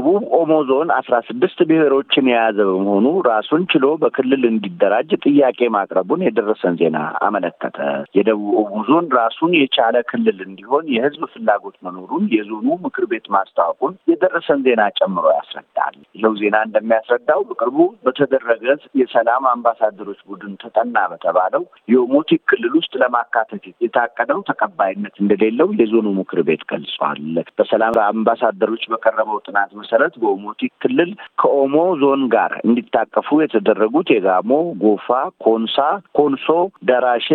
የደቡብ ኦሞ ዞን አስራ ስድስት ብሔሮችን የያዘ በመሆኑ ራሱን ችሎ በክልል እንዲደራጅ ጥያቄ ማቅረቡን የደረሰን ዜና አመለከተ። የደቡብ ኦሞ ዞን ራሱን የቻለ ክልል እንዲሆን የህዝብ ፍላጎት መኖሩን የዞኑ ምክር ቤት ማስታወቁን የደረሰን ዜና ጨምሮ ያስረዳል። ይኸው ዜና እንደሚያስረዳው በቅርቡ በተደረገ የሰላም አምባሳደሮች ቡድን ተጠና በተባለው የኦሞቲክ ክልል ውስጥ ለማካተት የታቀደው ተቀባይነት እንደሌለው የዞኑ ምክር ቤት ገልጿል። በሰላም አምባሳደሮች በቀረበው ጥናት መሰረት በኦሞቲ ክልል ከኦሞ ዞን ጋር እንዲታቀፉ የተደረጉት የጋሞ፣ ጎፋ፣ ኮንሳ፣ ኮንሶ፣ ደራሼ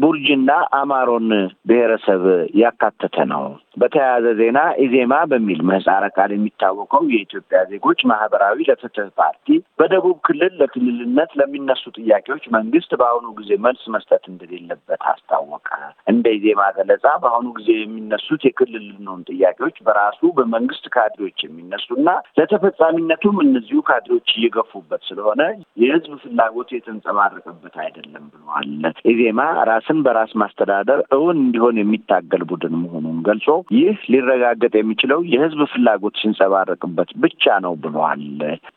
ቡርጅና አማሮን ብሔረሰብ ያካተተ ነው። በተያያዘ ዜና ኢዜማ በሚል ምህጻረ ቃል የሚታወቀው የኢትዮጵያ ዜጎች ማህበራዊ ለፍትህ ፓርቲ በደቡብ ክልል ለክልልነት ለሚነሱ ጥያቄዎች መንግስት በአሁኑ ጊዜ መልስ መስጠት እንደሌለበት አስታወቀ። እንደ ኢዜማ ገለጻ በአሁኑ ጊዜ የሚነሱት የክልልነውን ጥያቄዎች በራሱ በመንግስት ካድሬዎች የሚነሱና ለተፈጻሚነቱም እነዚሁ ካድሬዎች እየገፉበት ስለሆነ የህዝብ ፍላጎት የተንጸባረቀበት አይደለም ብለዋል። ኢዜማ ራስን በራስ ማስተዳደር እውን እንዲሆን የሚታገል ቡድን መሆኑን ገልጾ ይህ ሊረጋገጥ የሚችለው የህዝብ ፍላጎት ሲንጸባረቅበት ብቻ ነው ብለዋል።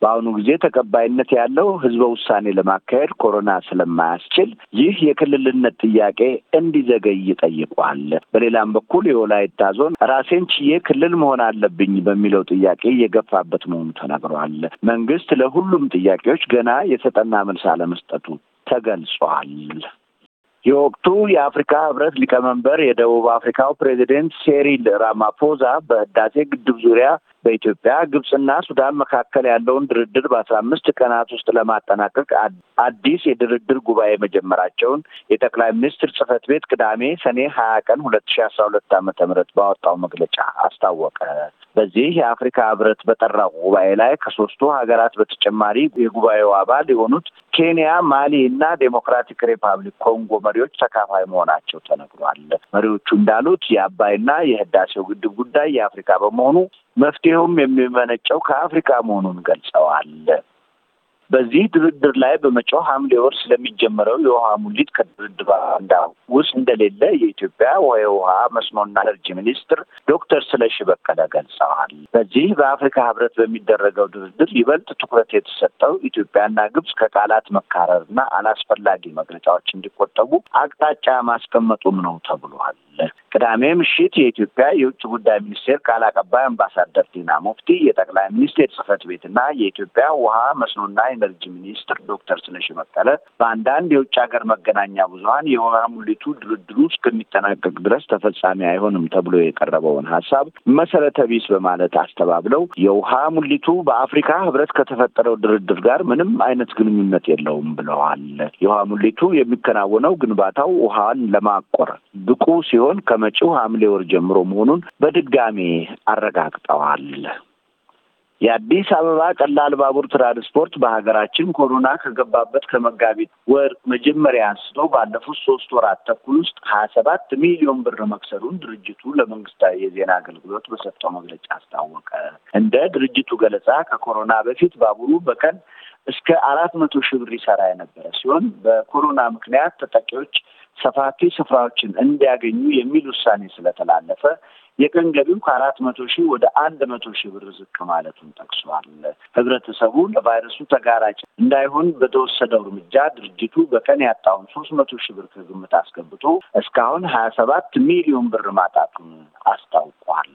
በአሁኑ ጊዜ ተቀባይነት ያለው ህዝበ ውሳኔ ለማካሄድ ኮሮና ስለማያስችል ይህ የክልልነት ጥያቄ እንዲዘገይ ጠይቋል። በሌላም በኩል የወላይታ ዞን ራሴን ችዬ ክልል መሆን አለብኝ በሚለው ጥያቄ የገፋበት መሆኑ ተነግሯል። መንግስት ለሁሉም ጥያቄዎች ገና የተጠና መልስ አለመስጠቱ ተገልጿል። የወቅቱ የአፍሪካ ህብረት ሊቀመንበር የደቡብ አፍሪካው ፕሬዚደንት ሴሪል ራማፎዛ በህዳሴ ግድብ ዙሪያ በኢትዮጵያ ግብፅና ሱዳን መካከል ያለውን ድርድር በአስራ አምስት ቀናት ውስጥ ለማጠናቀቅ አዲስ የድርድር ጉባኤ መጀመራቸውን የጠቅላይ ሚኒስትር ጽህፈት ቤት ቅዳሜ ሰኔ ሀያ ቀን ሁለት ሺ አስራ ሁለት ዓመተ ምህረት ባወጣው መግለጫ አስታወቀ። በዚህ የአፍሪካ ህብረት በጠራው ጉባኤ ላይ ከሶስቱ ሀገራት በተጨማሪ የጉባኤው አባል የሆኑት ኬንያ፣ ማሊ እና ዴሞክራቲክ ሪፐብሊክ ኮንጎ መሪዎች ተካፋይ መሆናቸው ተነግሯል። መሪዎቹ እንዳሉት የአባይና የህዳሴው ግድብ ጉዳይ የአፍሪካ በመሆኑ መፍትሄውም የሚመነጨው ከአፍሪካ መሆኑን ገልጸዋል። በዚህ ድርድር ላይ በመጪው ሐምሌ ወር ስለሚጀመረው የውሃ ሙሊት ከድርድር አጀንዳ ውስጥ እንደሌለ የኢትዮጵያ የውሃ መስኖና ኤነርጂ ሚኒስትር ዶክተር ስለሺ በቀለ ገልጸዋል። በዚህ በአፍሪካ ህብረት በሚደረገው ድርድር ይበልጥ ትኩረት የተሰጠው ኢትዮጵያና ግብጽ ከቃላት መካረርና አላስፈላጊ መግለጫዎች እንዲቆጠቡ አቅጣጫ ማስቀመጡም ነው ተብሏል። ቅዳሜ ምሽት የኢትዮጵያ የውጭ ጉዳይ ሚኒስቴር ቃል አቀባይ አምባሳደር ዲና ሙፍቲ፣ የጠቅላይ ሚኒስቴር ጽህፈት ቤትና የኢትዮጵያ ውሃ መስኖና ኤነርጂ ሚኒስትር ዶክተር ስነሽ በቀለ በአንዳንድ የውጭ ሀገር መገናኛ ብዙሀን የውሃ ሙሊቱ ድርድሩ እስከሚጠናቀቅ ድረስ ተፈጻሚ አይሆንም ተብሎ የቀረበውን ሀሳብ መሰረተ ቢስ በማለት አስተባብለው የውሃ ሙሊቱ በአፍሪካ ህብረት ከተፈጠረው ድርድር ጋር ምንም አይነት ግንኙነት የለውም ብለዋል። የውሃ ሙሊቱ የሚከናወነው ግንባታው ውሃን ለማቆር ብቁ ሲሆን ከመ ከመጪው ሐምሌ ወር ጀምሮ መሆኑን በድጋሜ አረጋግጠዋል። የአዲስ አበባ ቀላል ባቡር ትራንስፖርት በሀገራችን ኮሮና ከገባበት ከመጋቢት ወር መጀመሪያ አንስቶ ባለፉት ሶስት ወራት ተኩል ውስጥ ሀያ ሰባት ሚሊዮን ብር መክሰሩን ድርጅቱ ለመንግስታዊ የዜና አገልግሎት በሰጠው መግለጫ አስታወቀ። እንደ ድርጅቱ ገለጻ ከኮሮና በፊት ባቡሩ በቀን እስከ አራት መቶ ሺህ ብር ይሰራ የነበረ ሲሆን በኮሮና ምክንያት ተጠቂዎች ሰፋፊ ስፍራዎችን እንዲያገኙ የሚል ውሳኔ ስለተላለፈ የቀን ገቢው ከአራት መቶ ሺህ ወደ አንድ መቶ ሺህ ብር ዝቅ ማለቱን ጠቅሷል። ህብረተሰቡ ለቫይረሱ ተጋራጭ እንዳይሆን በተወሰደው እርምጃ ድርጅቱ በቀን ያጣውን ሶስት መቶ ሺህ ብር ከግምት አስገብቶ እስካሁን ሀያ ሰባት ሚሊዮን ብር ማጣቱን አስታውቋል።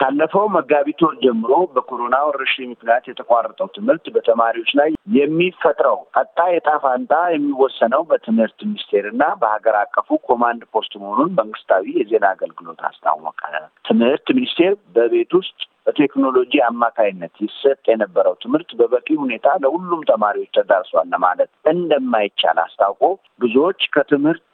ካለፈው መጋቢት ወር ጀምሮ በኮሮና ወረርሽኝ ምክንያት የተቋረጠው ትምህርት በተማሪዎች ላይ የሚፈጥረው ቀጣ የጣፋንጣ ፈንታ የሚወሰነው በትምህርት ሚኒስቴርና በሀገር አቀፉ ኮማንድ ፖስት መሆኑን መንግስታዊ የዜና አገልግሎት አስታወቀ። ትምህርት ሚኒስቴር በቤት ውስጥ በቴክኖሎጂ አማካይነት ይሰጥ የነበረው ትምህርት በበቂ ሁኔታ ለሁሉም ተማሪዎች ተዳርሷል ለማለት እንደማይቻል አስታውቆ ብዙዎች ከትምህርት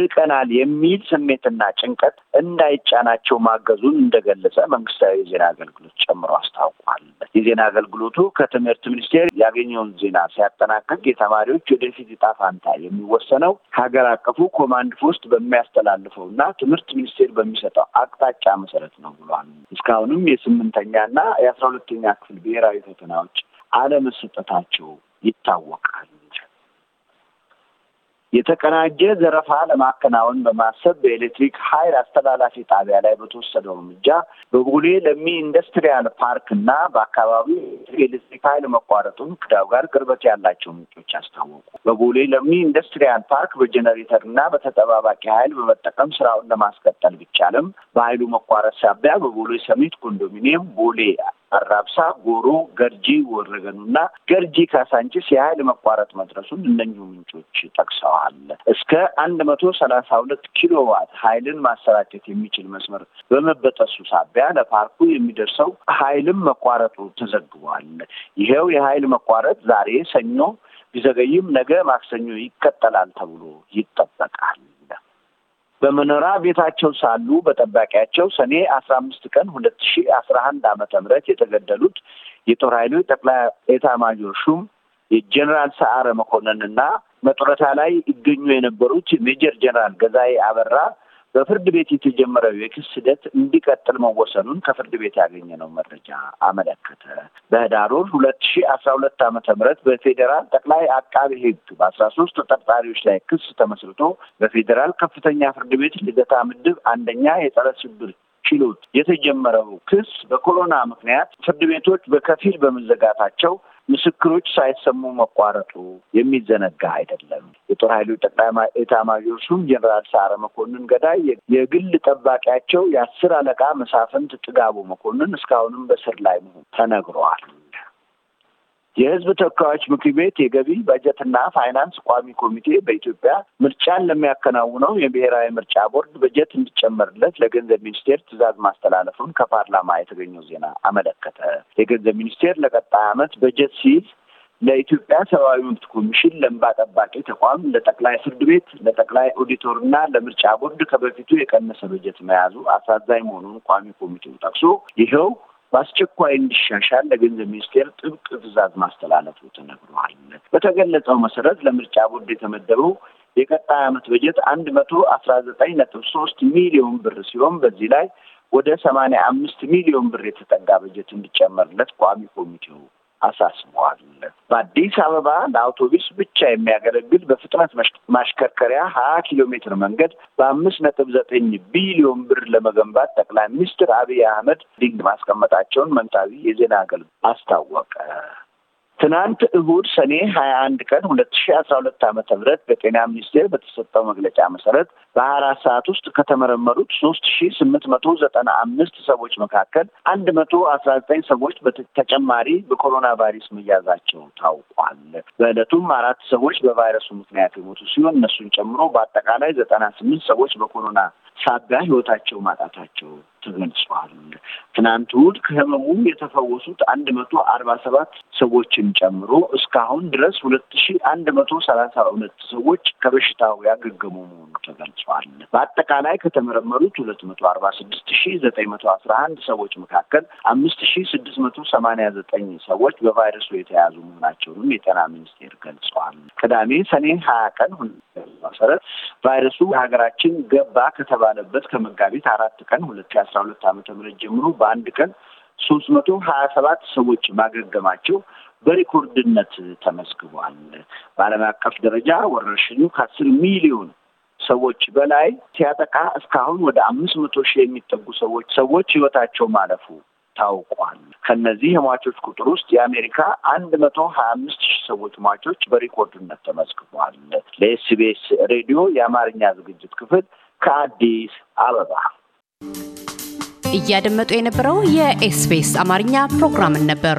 ርቀናል የሚል ስሜትና ጭንቀት እንዳይጫናቸው ማገዙን እንደገለጸ መንግስታዊ የዜና አገልግሎት ጨምሮ አስታውቋል። የዜና አገልግሎቱ ከትምህርት ሚኒስቴር ያገኘውን ዜና ሲያጠናቅቅ የተማሪዎች ወደፊት ጣፋንታ ፈንታ የሚወሰነው ሀገር አቀፉ ኮማንድ ፖስት በሚያስተላልፈው እና ትምህርት ሚኒስቴር በሚሰጠው አቅጣጫ መሰረት ነው ብሏል። እስካሁንም የስምንተኛና የአስራ ሁለተኛ ክፍል ብሔራዊ ፈተናዎች አለመሰጠታቸው ይታወቃል። የተቀናጀ ዘረፋ ለማከናወን በማሰብ በኤሌክትሪክ ኃይል አስተላላፊ ጣቢያ ላይ በተወሰደው እርምጃ በቦሌ ለሚ ኢንዱስትሪያል ፓርክ እና በአካባቢው የኤሌክትሪክ ኃይል መቋረጡን ከዳው ጋር ቅርበት ያላቸው ምንጮች አስታወቁ። በቡሌ ለሚ ኢንዱስትሪያል ፓርክ በጀነሬተር እና በተጠባባቂ ኃይል በመጠቀም ስራውን ለማስቀጠል ቢቻልም በኃይሉ መቋረጥ ሳቢያ በቡሌ ሰሚት ኮንዶሚኒየም ቦሌ አራብሳ፣ ጎሮ፣ ገርጂ ወረገኑ እና ገርጂ ካሳንቺስ የኃይል መቋረጥ መድረሱን እነኙ ምንጮች ጠቅሰዋል። እስከ አንድ መቶ ሰላሳ ሁለት ኪሎ ዋት ኃይልን ማሰራጨት የሚችል መስመር በመበጠሱ ሳቢያ ለፓርኩ የሚደርሰው ኃይልም መቋረጡ ተዘግቧል። ይኸው የኃይል መቋረጥ ዛሬ ሰኞ ቢዘገይም ነገ ማክሰኞ ይቀጠላል ተብሎ ይጠበቃል። በመኖሪያ ቤታቸው ሳሉ በጠባቂያቸው ሰኔ አስራ አምስት ቀን ሁለት ሺ አስራ አንድ አመተ ምህረት የተገደሉት የጦር ኃይሎች ጠቅላይ ኤታ ማጆር ሹም የጀኔራል ሰዓረ መኮንንና መጡረታ ላይ ይገኙ የነበሩት ሜጀር ጀኔራል ገዛይ አበራ በፍርድ ቤት የተጀመረው የክስ ሂደት እንዲቀጥል መወሰኑን ከፍርድ ቤት ያገኘነው መረጃ አመለከተ። በህዳር ወር ሁለት ሺ አስራ ሁለት ዓመተ ምህረት በፌዴራል ጠቅላይ አቃቢ ህግ በአስራ ሶስት ተጠርጣሪዎች ላይ ክስ ተመስርቶ በፌዴራል ከፍተኛ ፍርድ ቤት ልደታ ምድብ አንደኛ የጸረ ሽብር ችሎት የተጀመረው ክስ በኮሮና ምክንያት ፍርድ ቤቶች በከፊል በመዘጋታቸው ምስክሮች ሳይሰሙ መቋረጡ የሚዘነጋ አይደለም። የጦር ኃይሎች ጠቅላይ ኤታማዦር ሹም ጀኔራል ሳረ መኮንን ገዳይ የግል ጠባቂያቸው የአስር አለቃ መሳፍንት ጥጋቡ መኮንን እስካሁንም በስር ላይ መሆኑ ተነግረዋል። የህዝብ ተወካዮች ምክር ቤት የገቢ በጀትና ፋይናንስ ቋሚ ኮሚቴ በኢትዮጵያ ምርጫን ለሚያከናውነው የብሔራዊ ምርጫ ቦርድ በጀት እንዲጨመርለት ለገንዘብ ሚኒስቴር ትዕዛዝ ማስተላለፉን ከፓርላማ የተገኘው ዜና አመለከተ። የገንዘብ ሚኒስቴር ለቀጣይ ዓመት በጀት ሲይዝ ለኢትዮጵያ ሰብአዊ መብት ኮሚሽን፣ ለእንባ ጠባቂ ተቋም፣ ለጠቅላይ ፍርድ ቤት፣ ለጠቅላይ ኦዲተርና ለምርጫ ቦርድ ከበፊቱ የቀነሰ በጀት መያዙ አሳዛኝ መሆኑን ቋሚ ኮሚቴው ጠቅሶ ይኸው በአስቸኳይ እንዲሻሻል ለገንዘብ ሚኒስቴር ጥብቅ ትዕዛዝ ማስተላለፉ ተነግሯል። በተገለጸው መሰረት ለምርጫ ቦርድ የተመደበው የቀጣይ ዓመት በጀት አንድ መቶ አስራ ዘጠኝ ነጥብ ሶስት ሚሊዮን ብር ሲሆን በዚህ ላይ ወደ ሰማንያ አምስት ሚሊዮን ብር የተጠጋ በጀት እንዲጨመርለት ቋሚ ኮሚቴው አሳስበዋል። በአዲስ አበባ ለአውቶቡስ ብቻ የሚያገለግል በፍጥነት ማሽከርከሪያ ሀያ ኪሎ ሜትር መንገድ በአምስት ነጥብ ዘጠኝ ቢሊዮን ብር ለመገንባት ጠቅላይ ሚኒስትር አብይ አህመድ ድንግ ማስቀመጣቸውን መንጣዊ የዜና አገልግሎት አስታወቀ። ትናንት እሁድ ሰኔ ሀያ አንድ ቀን ሁለት ሺ አስራ ሁለት ዓመተ ምህረት በጤና ሚኒስቴር በተሰጠው መግለጫ መሰረት በሀያ አራት ሰዓት ውስጥ ከተመረመሩት ሶስት ሺ ስምንት መቶ ዘጠና አምስት ሰዎች መካከል አንድ መቶ አስራ ዘጠኝ ሰዎች በተጨማሪ በኮሮና ቫይረስ መያዛቸው ታውቋል። በዕለቱም አራት ሰዎች በቫይረሱ ምክንያት የሞቱ ሲሆን እነሱን ጨምሮ በአጠቃላይ ዘጠና ስምንት ሰዎች በኮሮና ሳቢያ ህይወታቸው ማጣታቸው ተገልጿል። ትናንት እሑድ ከህመሙ የተፈወሱት አንድ መቶ አርባ ሰባት ሰዎችን ጨምሮ እስካሁን ድረስ ሁለት ሺ አንድ መቶ ሰላሳ ሁለት ሰዎች ከበሽታው ያገገሙ መሆኑ ተገልጿል። በአጠቃላይ ከተመረመሩት ሁለት መቶ አርባ ስድስት ሺ ዘጠኝ መቶ አስራ አንድ ሰዎች መካከል አምስት ሺ ስድስት መቶ ሰማኒያ ዘጠኝ ሰዎች በቫይረሱ የተያዙ መሆናቸውንም የጤና ሚኒስቴር ገልጿል። ቅዳሜ ሰኔ ሀያ ቀን መሰረት ቫይረሱ ሀገራችን ገባ ከተባለበት ከመጋቢት አራት ቀን ሁለት ሺ አስራ ሁለት ዓመተ ምህረት ጀምሮ በአንድ ቀን ሶስት መቶ ሀያ ሰባት ሰዎች ማገገማቸው በሪኮርድነት ተመዝግቧል። በዓለም አቀፍ ደረጃ ወረርሽኙ ከአስር ሚሊዮን ሰዎች በላይ ሲያጠቃ እስካሁን ወደ አምስት መቶ ሺህ የሚጠጉ ሰዎች ሰዎች ህይወታቸው ማለፉ ታውቋል። ከነዚህ የሟቾች ቁጥር ውስጥ የአሜሪካ አንድ መቶ ሀያ አምስት ሺህ ሰዎች ሟቾች በሪኮርድነት ተመዝግቧል። ለኤስቢኤስ ሬዲዮ የአማርኛ ዝግጅት ክፍል ከአዲስ አበባ እያደመጡ የነበረው የኤስቢኤስ አማርኛ ፕሮግራምን ነበር።